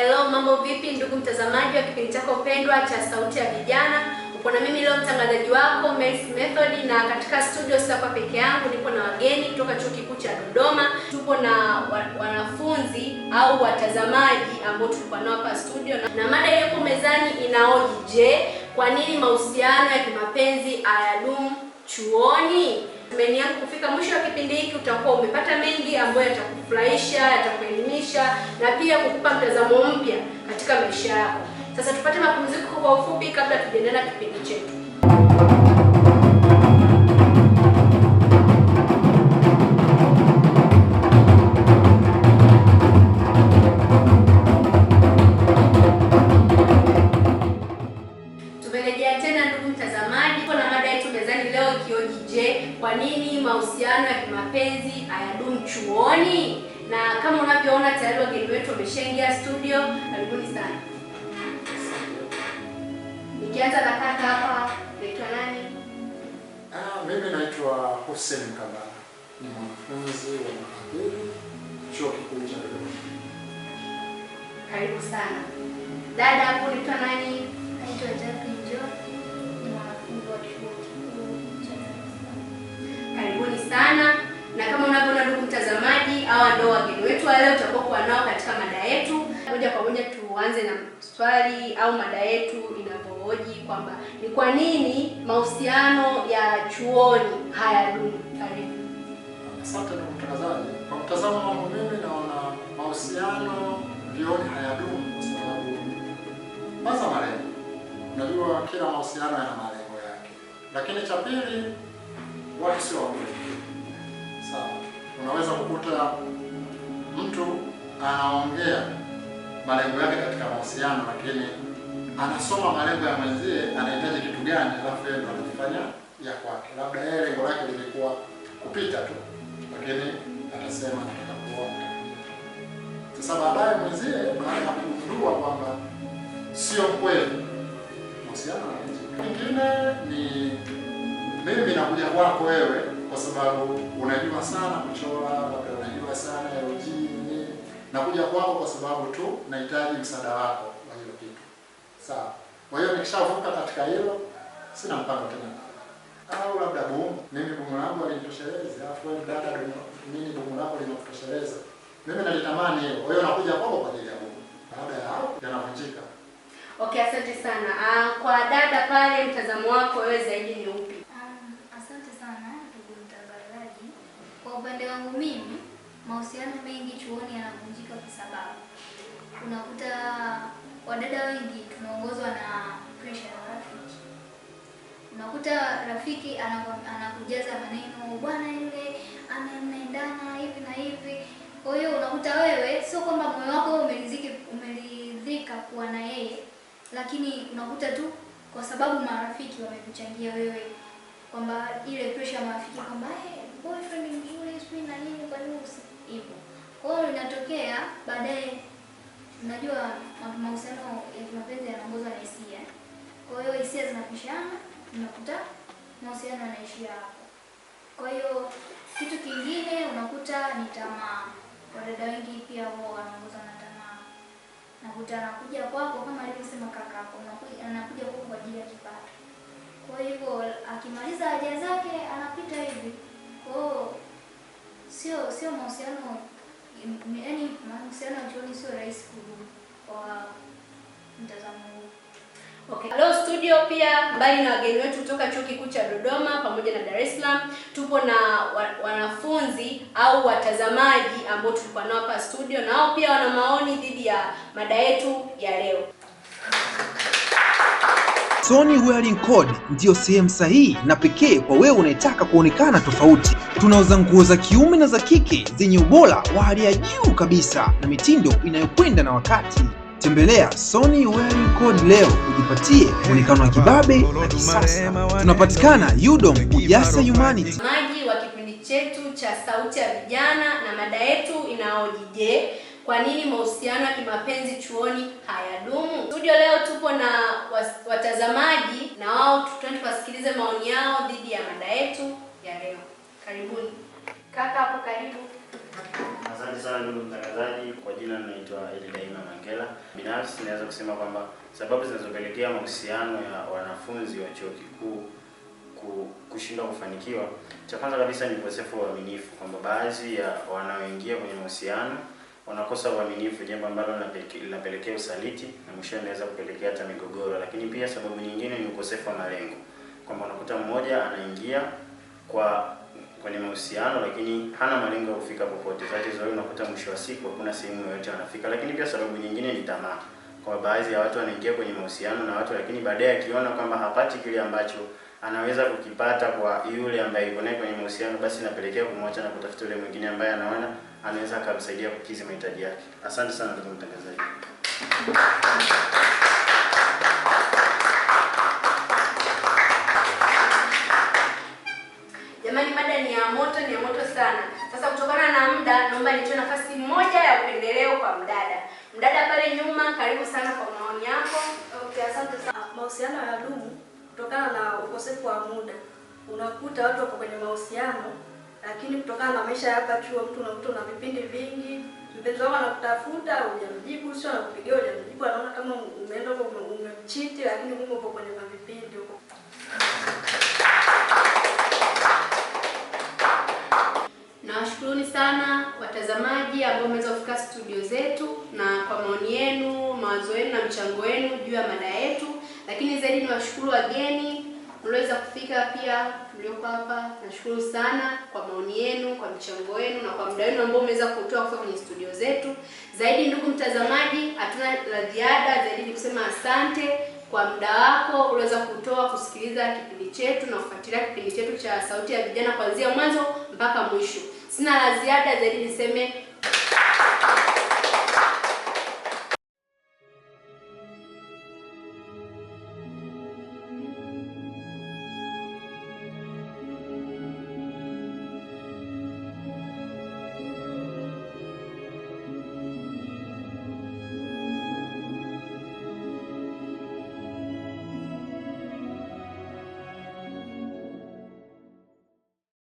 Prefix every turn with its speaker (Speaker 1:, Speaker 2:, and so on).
Speaker 1: Hello, mambo vipi ndugu mtazamaji wa kipindi chako pendwa cha Sauti ya Vijana. Upo na mimi leo mtangazaji wako Mercy Method, na katika studio sio peke yangu, nipo na wageni kutoka Chuo Kikuu cha Dodoma. Tupo na wanafunzi au watazamaji ambao tulikuwa nao hapa studio, na mada iliyoko mezani inaoji: je, kwa nini mahusiano ya kimapenzi hayadumu chuoni? Imani yangu kufika mwisho wa kipindi hiki utakuwa umepata mengi ambayo yatakufurahisha, yatakuelimisha na pia kukupa mtazamo mpya katika maisha yako. Sasa tupate mapumziko kwa ufupi kabla tujaendelea na kipindi chetu. kwa nini mahusiano ya kimapenzi hayadumu chuoni. Na kama unavyoona tayari wageni wetu wameshaingia studio, karibuni sana. Nikianza na kaka hapa, naitwa nani? Ah, mimi naitwa Hussein Kabala, ni mwanafunzi wa mahadhiri chuo kikuu cha Dodoma.
Speaker 2: Karibu sana dada. Hapo naitwa nani?
Speaker 3: Naitwa Jackie John.
Speaker 2: Hawa ndio wageni wetu wa leo tutakuwa nao katika mada yetu. Moja kwa moja tuanze na swali au mada yetu inavyohoji kwamba ni kwa nini mahusiano ya chuoni hayadumu. Karibu.
Speaker 1: Asante na mtangazaji. Kwa mtazamo wangu mimi naona mahusiano vioni hayadumu kwa sababu kwanza malengo. Unajua kila mahusiano yana malengo yake, lakini cha pili watu sio wakweli. Sawa. Unaweza kukuta mtu anaongea malengo yake katika mahusiano, lakini anasoma malengo ya mwenzie, anahitaji kitu gani, alafu yeye ndo anafanya ya kwake. Labda yeye lengo lake lilikuwa kupita tu, lakini atasema nataka kuoa. Sasa baadaye mwenzie baada ya kugundua kwamba sio kweli, mahusiano yanaje. ni mimi nakuja kwako wewe kwa sababu unajua sana kuchora, labda unajua sana LG nini. Nakuja kwako kwa sababu tu nahitaji msaada wako wa hilo kitu. Sawa. Kwa hiyo nikishavuka katika hilo sina mpango tena. Au labda bomu mimi bomu langu alinitosheleza, afu wewe dada mimi bomu langu linakutosheleza. Mimi nalitamani hiyo. Kwa hiyo nakuja kwako kwa ajili ya bomu, Baada ya hapo yanavunjika.
Speaker 2: Okay, asante sana. Uh, kwa dada pale mtazamo wako wewe zaidi
Speaker 4: upande wangu mimi, mahusiano mengi chuoni yanavunjika kwa sababu unakuta wadada wengi tunaongozwa na pressure ya rafiki. Unakuta rafiki anakujaza maneno, bwana yule amemnaendana hivi na hivi. Kwa hiyo unakuta wewe, sio kwamba moyo wako umeridhika umeridhika kuwa na yeye, lakini unakuta tu kwa sababu marafiki wamekuchangia wewe kwamba ile pressure ya marafiki kwamba hey, eh, boyfriend mzuri sijui na nini, kwa nini usipo? Kwa hiyo inatokea baadaye, unajua mahusiano ya mapenzi yanaongozwa na hisia, kwa hiyo hisia zinapishana, unakuta mahusiano yanaishia hapo. Kwa hiyo kitu kingine unakuta ni tamaa. Wadada wengi pia wao wanaongozwa na tamaa, nakuta anakuja kwako kama alivyosema yako, anakuja kwako kwa ajili ya kipato. Kwa hivyo akimaliza haja zake anapita hivi kwao sio sio mahusiano yaani mahusiano ya chuoni sio rahisi kwa mtazamo huu.
Speaker 2: Okay. Hello studio pia mbali na wageni wetu kutoka Chuo Kikuu cha Dodoma pamoja na Dar es Salaam, tupo na wanafunzi au watazamaji ambao tulikuwa nao hapa studio, nao pia wana maoni dhidi ya mada yetu ya leo.
Speaker 5: Sony Wearing Code ndiyo sehemu sahihi na pekee kwa wewe unayetaka kuonekana tofauti. Tunauza nguo za kiume na za kike zenye ubora wa hali ya juu kabisa na mitindo inayokwenda na wakati. Tembelea Sony Wearing Code leo ujipatie muonekano wa kibabe na kisasa. Tunapatikana Yudom Ujasa Humanity.
Speaker 2: Maji wa kipindi chetu cha Sauti ya Vijana na mada yetu inaojije kwa nini mahusiano ya kimapenzi chuoni hayadumu? Studio leo tupo na watazamaji na wao tutaenda kuwasikiliza maoni yao dhidi ya mada yetu ya leo. Karibuni. Kaka hapo karibu.
Speaker 6: Asante sana ndugu mtangazaji. Kwa jina naitwa Elidaima Mangela. Binafsi naweza kusema kwamba sababu zinazopelekea mahusiano ya wanafunzi wa chuo kikuu kushindwa kufanikiwa, cha kwanza kabisa ni ukosefu wa uaminifu, kwamba baadhi ya wanaoingia kwenye mahusiano wanakosa uaminifu, jambo ambalo linapelekea usaliti na mwisho inaweza kupelekea hata migogoro. Lakini pia sababu nyingine ni ukosefu wa malengo, kwamba unakuta mmoja anaingia kwa kwenye mahusiano lakini hana malengo ya kufika popote. That is unakuta mwisho wa siku hakuna sehemu yoyote anafika. Lakini pia sababu nyingine ni tamaa, kwa baadhi ya watu wanaingia kwenye mahusiano na watu, lakini baadaye akiona kwamba hapati kile ambacho anaweza kukipata kwa yule ambaye yuko naye kwenye mahusiano, basi inapelekea kumwacha na kutafuta yule mwingine ambaye anaona anaweza akamsaidia kukizi mahitaji yake. Asante sana ndugu mtangazaji.
Speaker 2: Jamani, mada ni ya moto, ni ya moto sana. Sasa kutokana na muda, naomba nitoe nafasi moja ya upendeleo kwa mdada. Mdada pale nyuma, karibu sana kwa maoni yako. Okay, asante sana. Mahusiano ya dumu kutokana na ukosefu wa muda, unakuta watu wako kwenye mahusiano lakini kutokana na maisha ya hapa chuo, mtu unakuta na vipindi vingi, mpenzi wako anakutafuta hujamjibu, sio anakupigia hujamjibu, anaona kama umeenda umemchiti, lakini Mungu upo kwenye mavipindi huko. Nawashukuruni sana watazamaji ambao mmeweza kufika studio zetu, na kwa maoni yenu, mawazo yenu na mchango wenu juu ya mada yetu, lakini zaidi niwashukuru wageni mliweza kufika pia tulioko hapa. Nashukuru sana kwa maoni yenu, kwa mchango wenu na kwa muda wenu ambao umeweza kutoa kwa kwenye studio zetu. Zaidi ndugu mtazamaji, hatuna la ziada zaidi ni kusema asante kwa muda wako uliweza kutoa kusikiliza kipindi chetu na kufuatilia kipindi chetu cha Sauti ya Vijana kuanzia mwanzo mpaka mwisho. Sina la ziada zaidi niseme